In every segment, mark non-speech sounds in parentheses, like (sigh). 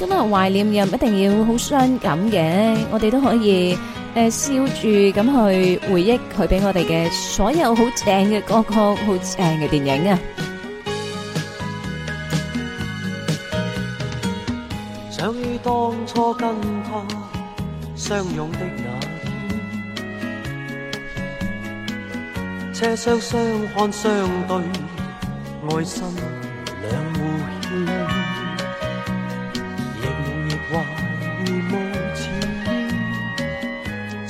今日懷念又唔一定要好傷感嘅，我哋都可以誒笑住咁去回憶佢俾我哋嘅所有好正嘅歌曲、好正嘅電影啊！想於當初跟他相擁的那天，車廂相看相對，愛心。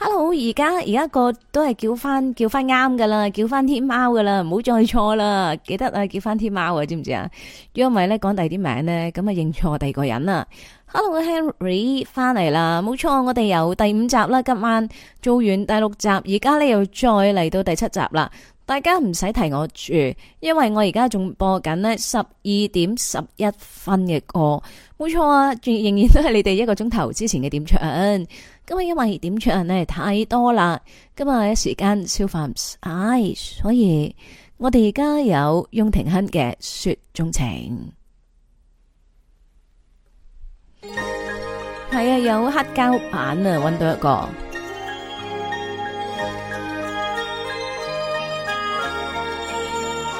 hello，而家而家個都係叫翻叫翻啱噶啦，叫翻天喵噶啦，唔好再錯啦，記得啊叫翻天喵啊，知唔知啊？因為咧講第二啲名咧，咁啊認錯第二個人啦。hello，Henry 翻嚟啦，冇錯，我哋由第五集啦，今晚做完第六集，而家咧又再嚟到第七集啦。大家唔使提我住，因為我而家仲播緊呢十二點十一分嘅歌，冇錯啊，仲仍然都係你哋一個鐘頭之前嘅點唱。今日因為點唱呢太多啦，今日一時間消化唔晒，所以我哋而家有翁廷亨嘅《雪中情》，係 (music) 啊，有黑膠版啊，搵到一個。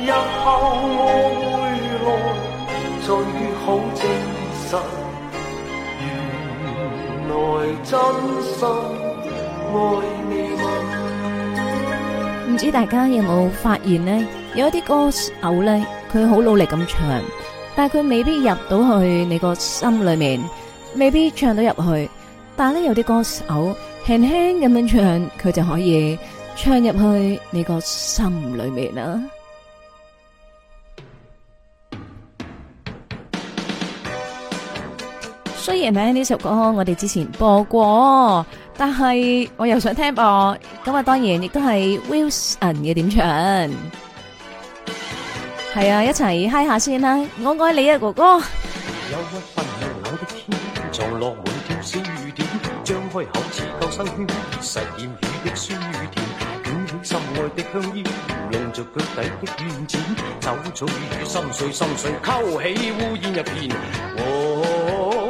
日後會來最好精神原來真心愛你。唔知大家有冇發現呢？有一啲歌手咧，佢好努力咁唱，但係佢未必入到去你個心裏面，未必唱到入去。但係咧，有啲歌手輕輕咁樣唱，佢就可以唱入去你個心裏面啦。雖然呢呢首歌我哋之前播過，但係我又想聽噃。咁啊當然亦都係 Wilson 嘅點唱，係啊，一齊嗨一下先啦！我愛你啊哥哥。有一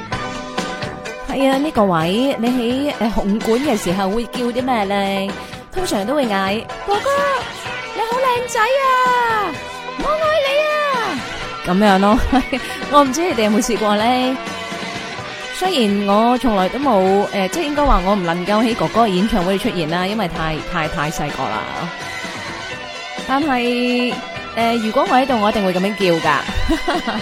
係啊，呢個位你喺誒紅館嘅時候會叫啲咩咧？通常都會嗌哥哥，你好靚仔啊，我愛你啊！咁樣咯，我唔知你哋有冇試過咧。雖然我從來都冇誒，即係應該話我唔能夠喺哥哥演唱會出現啦，因為太太太細個啦。但係誒，如果我喺度，我一定會咁樣叫噶。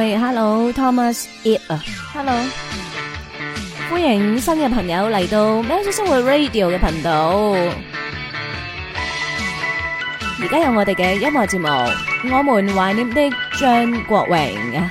喂，Hello Thomas，It 啊，Hello，歡迎新嘅朋友嚟到《喵式生活 Radio》嘅頻道。而家有我哋嘅音樂節目，我們懷念的張國榮啊。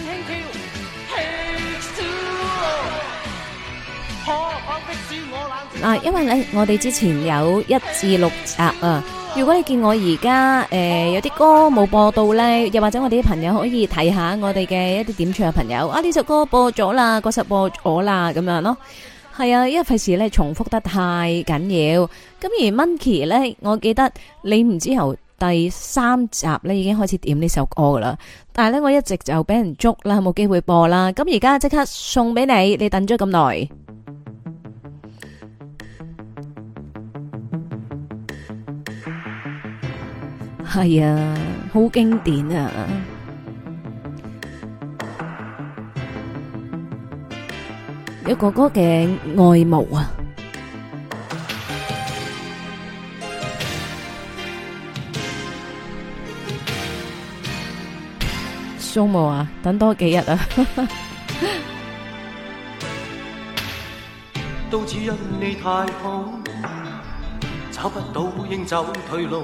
嗱、啊，因為咧，我哋之前有一至六集啊。如果你見我而家誒有啲歌冇播到呢，又或者我哋啲朋友可以睇下我哋嘅一啲點唱嘅朋友啊，呢首歌播咗啦，嗰首播咗啦，咁樣咯，係啊，因為費事咧重複得太緊要。咁而 Monkey 呢，我記得你唔知由第三集呢已經開始點呢首歌噶啦，但係呢，我一直就俾人捉啦，冇機會播啦。咁而家即刻送俾你，你等咗咁耐。係啊，好經典啊，一個哥哥嘅愛慕啊，商務啊，等多幾日啊，都只因你太好，找不到應走退路。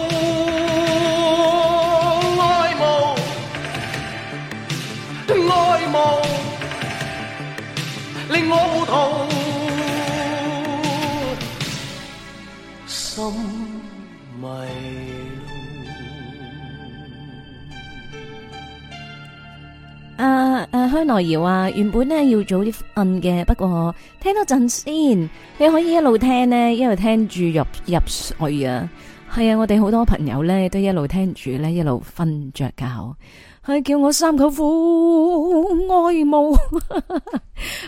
愛慕令我糊塗，心迷路 uh, uh, 香奈兒啊，原本呢要早啲瞓嘅，不過聽多陣先。你可以一路聽呢，一路聽住入入睡啊。係啊，我哋好多朋友咧都一路聽住咧，一路瞓着覺。係叫我三舅父愛慕，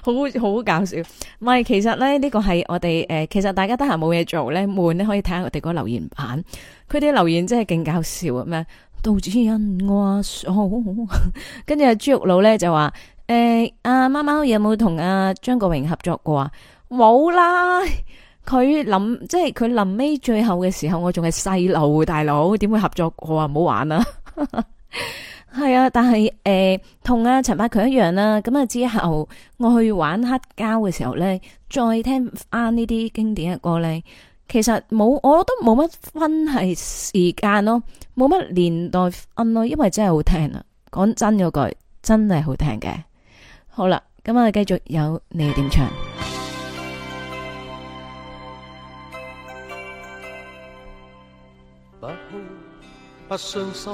好 (laughs) 好搞笑。唔係，其實咧呢、這個係我哋誒、呃，其實大家得閒冇嘢做咧，悶咧可以睇下我哋個留言板佢啲留言真係勁搞笑,杜子欣、 (laughs) 欸、啊！咩？杜子欣我嫂，跟住朱玉佬咧就話誒，阿貓貓有冇同阿張國榮合作過啊？冇啦，佢臨即係佢臨尾最後嘅時候，我仲係細路大佬，點會合作過？我話唔好玩啦。 (laughs) 係啊，但係誒，同阿陳百強一樣啦。咁啊之後，我去玩黑膠嘅時候咧，再聽翻呢啲經典嘅歌咧，其實冇，我覺得冇乜分係時間咯，冇乜年代分咯，因為真係好聽啊！講真嗰句，真係好聽嘅。好啦，咁我繼續有你點唱。不哭，不傷心。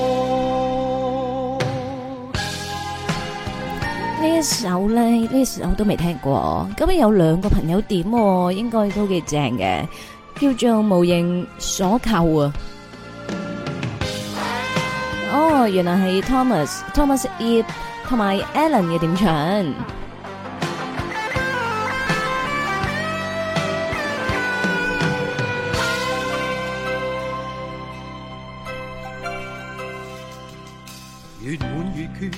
這呢一首咧，呢首都未聽過，咁樣有兩個朋友點、哦，應該都幾正嘅，叫做《無影所求》啊！哦，原來係 Thomas、Thomas Ip 同埋 Alan 嘅點唱。越滿越缺。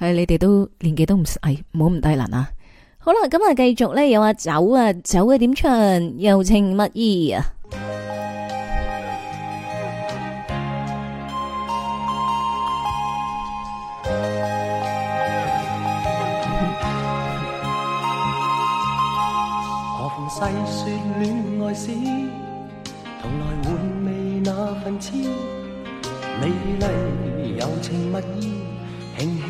係你哋都年紀都唔，係冇咁低能啊！好啦，咁啊繼續咧，又話酒啊，酒一點唱柔情蜜意啊！何妨細說戀愛事，同來回味那份痴，美麗柔情蜜意，輕輕。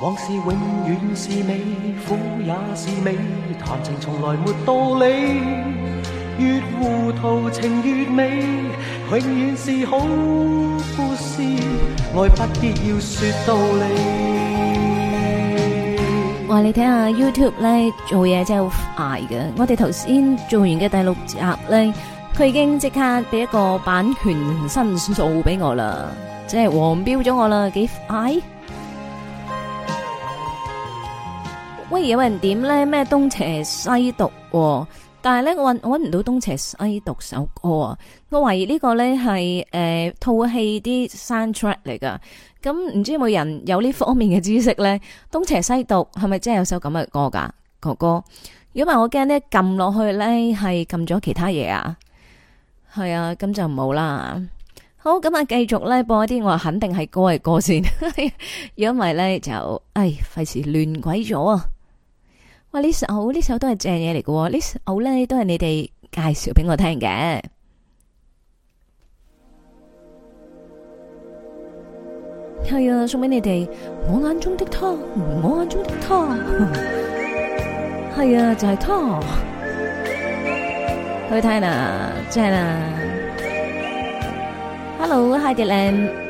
往事永遠是美，苦也是美，談情從來沒道理，越糊塗情越美，永遠是好故事，愛不必要說道理。哇，你睇下 YouTube 呢，做嘢真係好快嘅，我哋頭先做完嘅第六集呢，佢已經即刻畀一個版權申訴俾我啦，即係黃標咗我啦，幾快。喂，有人點咧？咩東邪西毒，啊？但係咧，我搵唔到東邪西毒首歌啊！我懷疑呢個咧係誒套戲啲 soundtrack 嚟噶。咁、呃、唔知有冇人有呢方面嘅知識咧？東邪西毒係咪真係有首咁嘅歌噶、啊？哥哥，如果唔係我驚咧撳落去咧係撳咗其他嘢啊？係啊，咁就冇啦。好，咁啊繼續咧播一啲我肯定係歌嘅歌先，因為咧就誒費事亂鬼咗啊！哇！呢首呢首都係正嘢嚟嘅，呢首咧都係你哋介紹俾我聽嘅。係啊，送俾你哋。我眼中的他，我眼中的他，係啊，就係他。去睇啦，正啊。Hello，Hi，Dylan。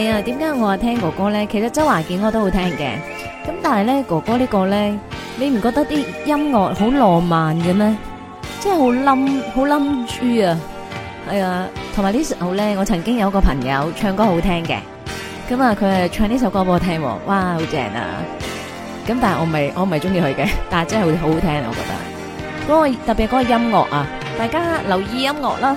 係啊，點解我話聽哥哥咧？其實周華健我都好聽嘅，咁但係咧，哥哥個，呢個咧，你唔覺得啲音樂好浪漫嘅咩？即係好冧，好冧豬啊！係啊，同埋呢時候咧，我曾經有一個朋友唱歌很聽的好聽嘅，咁啊佢係唱呢首歌俾我聽，哇好正啊！咁但係我唔係我唔係中意佢嘅，但係真係會好好聽我覺得，嗰個特別嗰個音樂啊，大家留意音樂啦。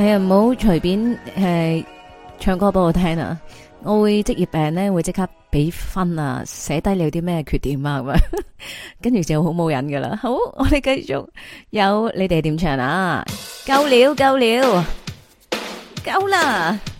係、哎、啊，唔好隨便誒、呃、唱歌俾我聽啊！我會職業病咧，會即刻俾分啊，寫低你有啲咩缺點啊咁樣， (laughs) 跟住就好冇癮㗎喇。好，我哋繼續，有你哋點唱啊？夠了，夠了，夠啦！夠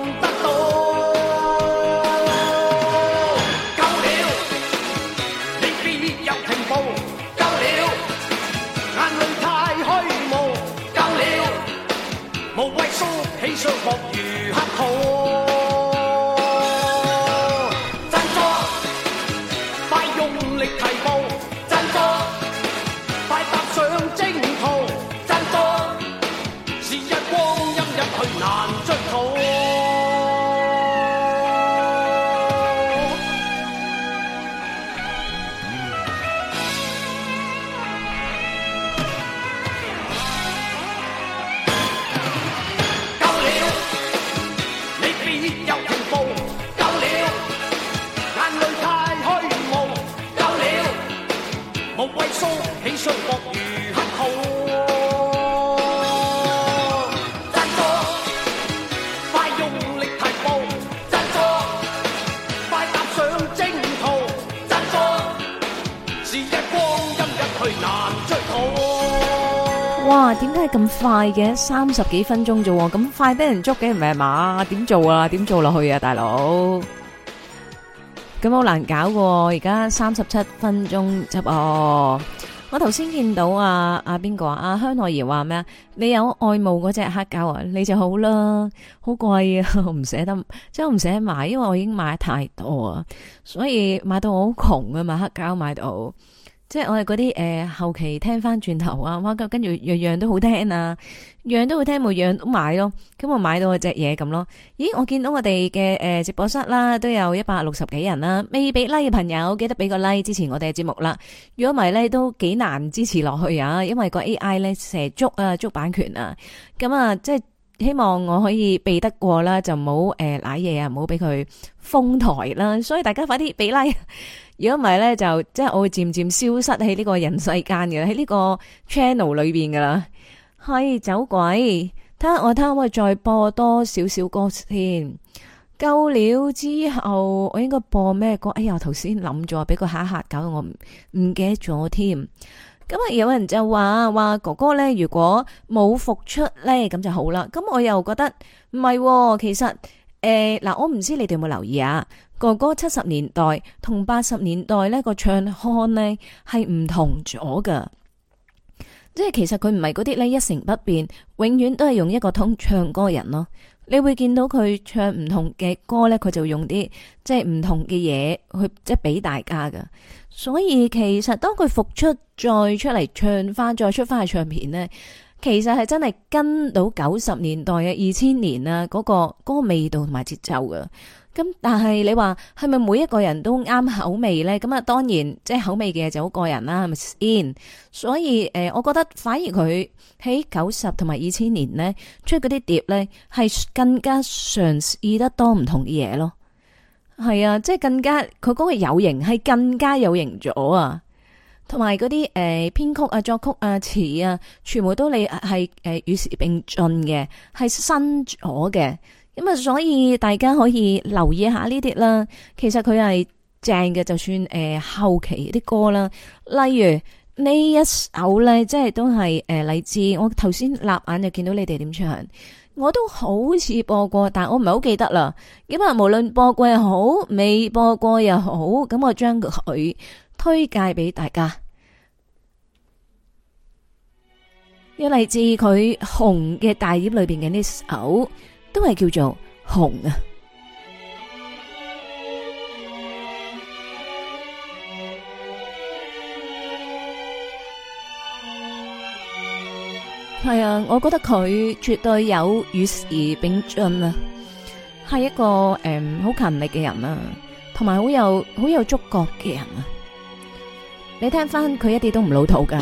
快嘅三十幾分鐘啫，咁快俾人捉嘅唔係嘛？點做啊？點做落去啊？大佬，咁好難搞嘅，而家三十七分鐘執我。我頭先見到啊啊邊個啊？香奈兒話咩啊？你有愛慕嗰隻黑膠啊？你就好啦，好貴啊，我唔捨得，真係唔捨得買，因為我已經買太多啊，所以買到我好窮啊，買黑膠買到。即係我哋嗰啲誒後期聽翻轉頭啊，哇！跟住樣樣都好聽啊，樣都好聽，每樣都買咯。咁我買到我只嘢咁咯。咦！我見到我哋嘅誒直播室啦，都有一百六十幾人啦。未俾 like 嘅朋友，記得俾個 like 支持我哋嘅節目啦，如果唔係咧都幾難支持落去啊。因為個 AI 咧成日捉啊捉版權啊，咁啊即係。希望我可以避得過啦，就唔好誒瀨嘢啊，唔好俾佢封台啦。所以大家快啲俾 like 啦，如果唔係咧，就即係我會漸漸消失喺呢個人世間嘅，喺呢個 channel 裏邊噶啦。係走鬼，睇下我睇下可唔可以再播多少少歌先？夠了之後，我應該播咩歌？哎呀，頭先諗咗，俾個吓吓搞到我唔唔記得咗添。咁啊！有人就話：話哥哥咧，如果冇復出咧，咁就好啦。咁我又覺得唔係，哦，其實誒，嗱、呃，我唔知你哋有冇留意啊？哥哥七十年代同八十年代呢個唱腔咧係唔同咗噶，即係其實佢唔係嗰啲咧一成不變，永遠都係用一個通唱歌人咯。你會見到佢唱唔同嘅歌，呢佢就用啲即係唔同嘅嘢去即係俾大家噶。所以其實當佢復出再出嚟唱翻再出翻去唱片呢，其實係真係跟到九十年代嘅二千年啊嗰個嗰個味道同埋節奏噶。咁但係你話係咪每一個人都啱口味咧？咁啊，當然即係口味嘅嘢，就好個人啦，係咪先？所以誒、呃，我覺得反而佢喺九十同埋二千年咧出嗰啲碟咧，係更加嘗試得多唔同嘅嘢咯。係啊，即係更加佢嗰個有型係更加有型咗啊！同埋嗰啲誒編曲啊、作曲啊、詞啊，全部都你係誒與時並進嘅，係新咗嘅。咁、嗯、啊，所以大家可以留意下呢啲啦。其實佢係正嘅，就算誒、呃、後期啲歌啦。例如呢一首咧，即係都係誒嚟自我頭先立眼就見到你哋點唱，我都好似播過，但我唔係好記得啦。咁啊，無論播過又好，未播過又好，咁我將佢推介俾大家。要嚟自佢紅嘅大碟裏邊嘅呢首。都係叫做紅啊！係、嗯嗯、啊，我覺得佢絕對有與時並進啊，係一個誒好、嗯、勤力嘅人啊，同埋好有好有觸覺嘅人啊！你聽翻佢一啲都唔老土㗎。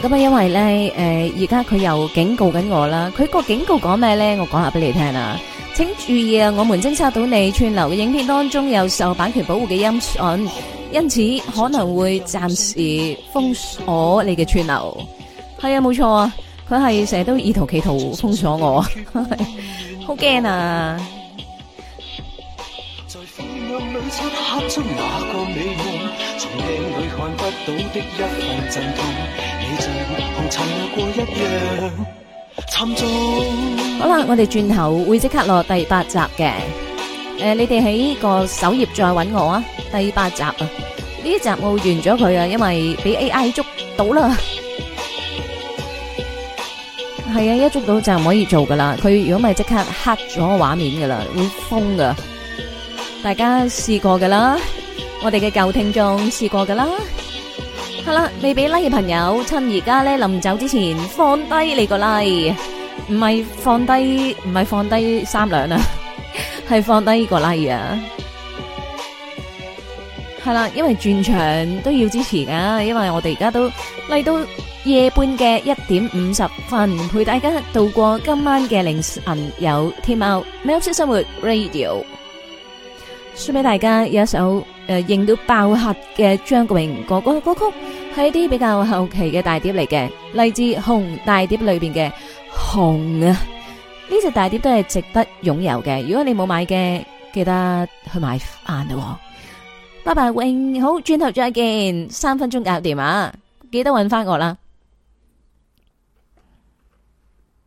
咁啊，因為咧，誒，而家佢又警告緊我啦。佢個警告講咩咧？我講下俾你聽啊。請注意啊，我們偵察到你串流嘅影片當中有受版權保護嘅音訊，因此可能會暫時封鎖你嘅串流。係啊，冇錯啊。佢係成日都意圖企圖封鎖我，好驚啊！黑過一參，嗯、好啦，我哋轉頭會即刻落第八集嘅。誒、呃，你哋喺個首頁再揾我啊。第八集啊，呢集我完咗佢啊，因為俾 AI 捉到啦。係啊，一捉到就唔可以做噶啦，佢如果咪即刻黑咗畫面噶啦，會封噶。大家試過噶啦，我哋嘅舊聽眾試過噶啦，係啦，未俾 like 嘅朋友，趁而家咧臨走之前放低你個拉、like，唔係放低，唔係放低三兩啊，係 (laughs) 放低個拉、like、啊，係啦，因為轉場都要支持噶、啊，因為我哋而家都嚟到夜半嘅一點五十分，陪大家度過今晚嘅凌晨友天喵 (music) 喵式生活 radio。送俾大家有一首誒、呃、認到爆客嘅張國榮哥哥嘅歌曲，係一啲比較後期嘅大碟嚟嘅，嚟自紅大碟裏邊嘅紅啊！呢 (laughs) 隻大碟都係值得擁有嘅，如果你冇買嘅，記得去買翻喎、哦。拜拜，永好，轉頭再見，三分鐘搞掂啊！記得搵翻我啦。